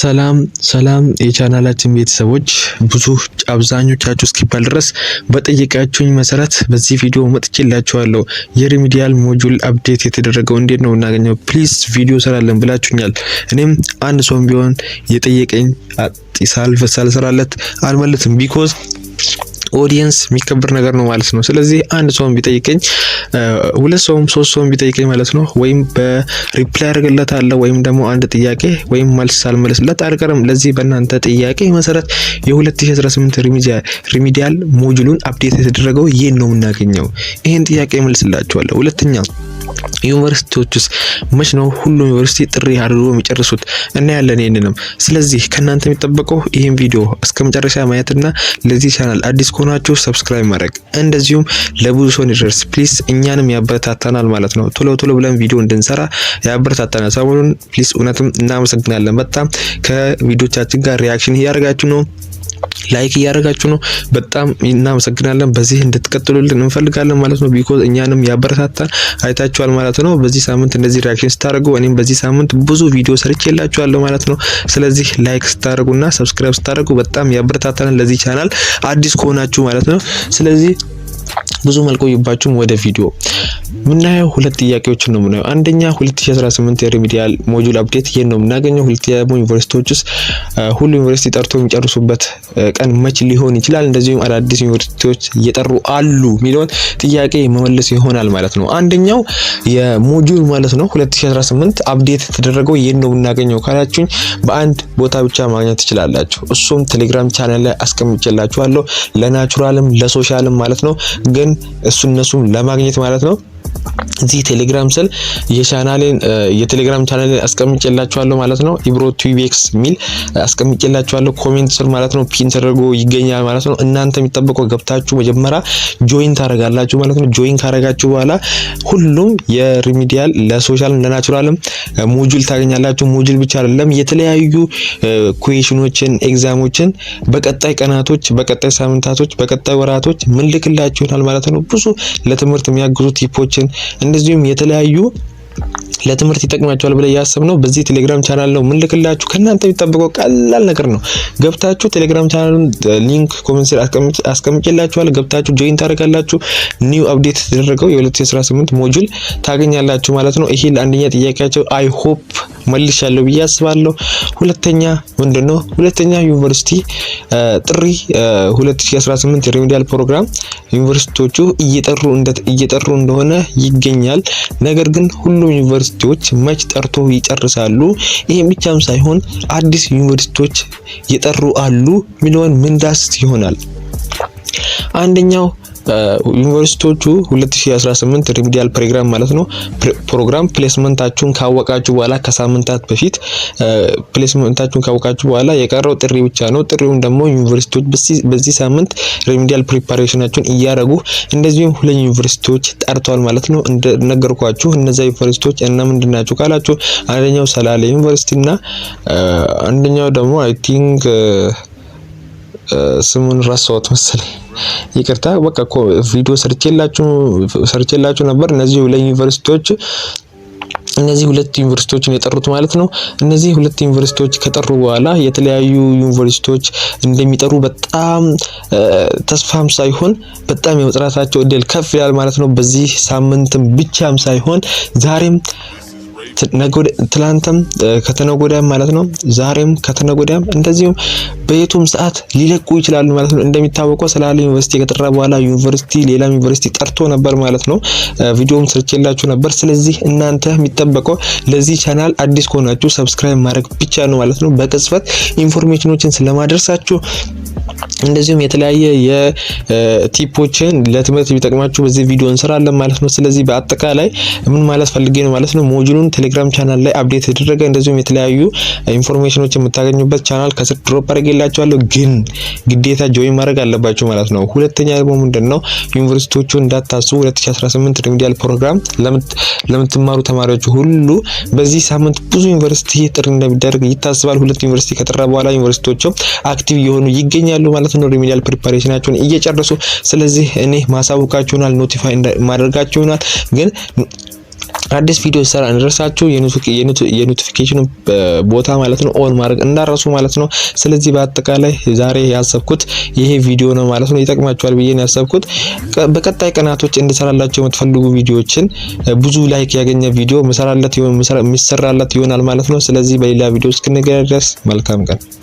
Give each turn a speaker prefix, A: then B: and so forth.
A: ሰላም ሰላም የቻናላችን ቤተሰቦች ብዙ አብዛኞቻችሁ እስኪባል ድረስ በጠየቃችሁኝ መሰረት በዚህ ቪዲዮ መጥቼላችኋለሁ። የሪሚዲያል ሞጁል አፕዴት የተደረገው እንዴት ነው እናገኘው ፕሊዝ ቪዲዮ ሰራለን ብላችሁኛል። እኔም አንድ ሰውም ቢሆን የጠየቀኝ ስራለት አልመለትም ቢኮዝ ኦዲየንስ የሚከበር ነገር ነው ማለት ነው። ስለዚህ አንድ ሰውም ቢጠይቀኝ ሁለት ሰውም ሶስት ሰውም ቢጠይቀኝ ማለት ነው ወይም በሪፕላይ አለ ወይም ደግሞ አንድ ጥያቄ ወይም መልስ ሳልመለስለት አልቀርም። ለዚህ በእናንተ ጥያቄ መሰረት የ2018 ሪሚዲያል ሞጁሉን አፕዴት የተደረገው ይህን ነው የምናገኘው። ይህን ጥያቄ መልስላችኋለሁ። ሁለተኛ ዩኒቨርሲቲዎችስ መች ነው ሁሉም ዩኒቨርሲቲ ጥሪ አድርጎ የሚጨርሱት? እናያለን ይህንንም። ስለዚህ ከእናንተ የሚጠበቀው ይህን ቪዲዮ እስከ መጨረሻ ማየትና ለዚህ ቻናል አዲስ ከሆናችሁ ሰብስክራይብ ማድረግ እንደዚሁም ለብዙ ሰው እንዲደርስ ፕሊስ እኛንም ያበረታታናል ማለት ነው። ቶሎ ቶሎ ብለን ቪዲዮ እንድንሰራ ያበረታታናል ሰሞኑን። ፕሊስ እውነትም እናመሰግናለን። በጣም ከቪዲዮቻችን ጋር ሪያክሽን እያደረጋችሁ ነው። ላይክ እያደረጋችሁ ነው። በጣም እናመሰግናለን። በዚህ እንድትቀጥሉልን እንፈልጋለን ማለት ነው። ቢኮዝ እኛንም ያበረታታን አይታችኋል ማለት ነው። በዚህ ሳምንት እንደዚህ ሪያክሽን ስታደርጉ እኔም በዚህ ሳምንት ብዙ ቪዲዮ ሰርቼ የላችኋለሁ ማለት ነው። ስለዚህ ላይክ ስታደርጉና ሰብስክራይብ ስታደርጉ በጣም ያበረታታን ለዚህ ቻናል አዲስ ከሆናችሁ ማለት ነው። ስለዚህ ብዙ መልቆይባችሁም ወደ ቪዲዮ ምናየው ሁለት ጥያቄዎችን ነው ምናየው። አንደኛ 2018 የሪሚዲያል ሞጁል አፕዴት የት ነው የምናገኘው? ሁለት ደግሞ ውስጥ ሁሉ ዩኒቨርሲቲ ጠርቶ የሚጨርሱበት ቀን መች ሊሆን ይችላል? እንደዚሁም አዳዲስ ዩኒቨርሲቲዎች እየጠሩ አሉ የሚለውን ጥያቄ መመለስ ይሆናል ማለት ነው። አንደኛው የሞጁል ማለት ነው 2018 አፕዴት የተደረገው የት ነው የምናገኘው ካላችሁኝ በአንድ ቦታ ብቻ ማግኘት ትችላላችሁ። እሱም ቴሌግራም ቻናል ላይ አስቀምጬላችኋለሁ። ለናቹራልም ለሶሻልም ማለት ነው። ግን እሱ እነሱም ለማግኘት ማለት ነው እዚህ ቴሌግራም ስል የቻናሌን የቴሌግራም ቻናሌን አስቀምጬላችኋለሁ ማለት ነው። ኢብሮ ቲቪኤክስ ሚል አስቀምጬላችኋለሁ ኮሜንት ስር ማለት ነው። ፒን ተደርጎ ይገኛል ማለት ነው። እናንተ የሚጠበቀው ገብታችሁ መጀመሪያ ጆይን ታደርጋላችሁ ማለት ነው። ጆይን ካረጋችሁ በኋላ ሁሉም የሪሚዲያል ለሶሻል ለናቹራልም ሞጁል ታገኛላችሁ። ሞጁል ብቻ አይደለም የተለያዩ ኩዌሽኖችን ኤግዛሞችን በቀጣይ ቀናቶች፣ በቀጣይ ሳምንታቶች፣ በቀጣይ ወራቶች ምን ልክላችሁናል ማለት ነው። ብዙ ለትምህርት የሚያግዙ ቲፖች እንደዚሁም የተለያዩ ለትምህርት ይጠቅማቸዋል ብለ ነው በዚህ ቴሌግራም ቻናል ነው ምንልክላችሁ። ከእናንተ የሚጠበቀው ቀላል ነገር ነው። ገብታችሁ ቴሌግራም ቻናሉን ሊንክ ኮሜንት ስር አስቀምጬላችኋል። ገብታችሁ ጆይን ታደርጋላችሁ። ኒው አፕዴት የተደረገው የ2018 ሞጁል ታገኛላችሁ ማለት ነው። ይሄ ለአንደኛ ጥያቄያቸው አይ ሆፕ መልሻለሁ ብዬ አስባለሁ። ሁለተኛ ነው ሁለተኛ ዩኒቨርሲቲ ጥሪ 2018 የሪሚዲያል ፕሮግራም ዩኒቨርሲቲዎቹ እየጠሩ እንደሆነ ይገኛል። ነገር ግን ሁሉ ሁሉም ዩኒቨርሲቲዎች መች ጠርቶ ይጨርሳሉ? ይህም ብቻም ሳይሆን አዲስ ዩኒቨርሲቲዎች የጠሩ አሉ ሚሊዮን ምንዳስ ይሆናል። አንደኛው ዩኒቨርሲቲዎቹ 2018 ሪሚዲያል ፕሮግራም ማለት ነው ፕሮግራም ፕሌስመንታችሁን ካወቃችሁ በኋላ ከሳምንታት በፊት ፕሌስመንታችሁን ካወቃችሁ በኋላ የቀረው ጥሪ ብቻ ነው። ጥሪውን ደግሞ ዩኒቨርሲቲዎች በዚህ ሳምንት ሪሚዲያል ፕሪፓሬሽናችሁን እያደረጉ እንደዚሁም ሁለት ዩኒቨርሲቲዎች ጠርተዋል ማለት ነው። እንደነገርኳችሁ እነዚያ ዩኒቨርሲቲዎች እና ምንድን ናቸው ካላችሁ አንደኛው ሰላሌ ዩኒቨርሲቲ እና አንደኛው ደግሞ አይ ቲንክ ስሙን ረሳሁት መሰለኝ፣ ይቅርታ። በቃ እኮ ቪዲዮ ሰርቼላችሁ ሰርቼላችሁ ነበር። እነዚህ ሁለት ዩኒቨርሲቲዎች እነዚህ ሁለት ዩኒቨርሲቲዎችን የጠሩት ማለት ነው። እነዚህ ሁለት ዩኒቨርሲቲዎች ከጠሩ በኋላ የተለያዩ ዩኒቨርሲቲዎች እንደሚጠሩ በጣም ተስፋም ሳይሆን በጣም የመጥራታቸው እድል ከፍ ይላል ማለት ነው። በዚህ ሳምንትም ብቻም ሳይሆን ዛሬም ትላንትም ከተነጎዳም ማለት ነው፣ ዛሬም ከተነጎዳም፣ እንደዚሁም በየቱም ሰዓት ሊለቁ ይችላሉ ማለት ነው። እንደሚታወቀው ሰላሌ ዩኒቨርሲቲ ከጠራ በኋላ ዩኒቨርሲቲ ሌላ ዩኒቨርሲቲ ጠርቶ ነበር ማለት ነው። ቪዲዮም ሰርቼላችሁ ነበር። ስለዚህ እናንተ የሚጠበቀው ለዚህ ቻናል አዲስ ከሆናችሁ ሰብስክራይብ ማድረግ ብቻ ነው ማለት ነው። በቅጽበት ኢንፎርሜሽኖችን ስለማደርሳችሁ እንደዚሁም የተለያየ የቲፖችን ለትምህርት ቢጠቅማችሁ በዚህ ቪዲዮ እንሰራለን ማለት ነው። ስለዚህ በአጠቃላይ ምን ማለት ፈልጌ ነው ማለት ነው ሞጁሉን ቴሌግራም ቻናል ላይ አፕዴት የተደረገ እንደዚሁም የተለያዩ ኢንፎርሜሽኖች የምታገኙበት ቻናል ከስር ድሮፕ አድርጌላችኋለሁ፣ ግን ግዴታ ጆይን ማድረግ አለባችሁ ማለት ነው። ሁለተኛ ደግሞ ምንድን ነው ዩኒቨርሲቲዎቹ እንዳታስቡ 2018 ሪሚዲያል ፕሮግራም ለምትማሩ ተማሪዎች ሁሉ በዚህ ሳምንት ብዙ ዩኒቨርሲቲ ጥሪ እንደሚደረግ ይታስባል። ሁለት ዩኒቨርሲቲ ከጠራ በኋላ ዩኒቨርሲቲዎቹ አክቲቭ የሆኑ ይገኛሉ ማለት ነው። ሪሚዲያል ፕሪፓሬሽናቸውን እየጨረሱ ስለዚህ እኔ ማሳውቃችሁናል ኖቲፋይ ማድረጋችሁናል ግን አዲስ ቪዲዮ ሰራ እንደረሳችሁ የኖቲፊኬሽኑ ቦታ ማለት ነው ኦን ማድረግ እንዳረሱ ማለት ነው። ስለዚህ በአጠቃላይ ዛሬ ያሰብኩት ይሄ ቪዲዮ ነው ማለት ነው። ይጠቅማችኋል ብዬ ነው ያሰብኩት። በቀጣይ ቀናቶች እንድሰራላችሁ የምትፈልጉ ቪዲዮዎችን ብዙ ላይክ ያገኘ ቪዲዮ መሰራለት ይሆን የሚሰራለት ይሆናል ማለት ነው። ስለዚህ በሌላ ቪዲዮ እስክንገናኝ ድረስ መልካም ቀን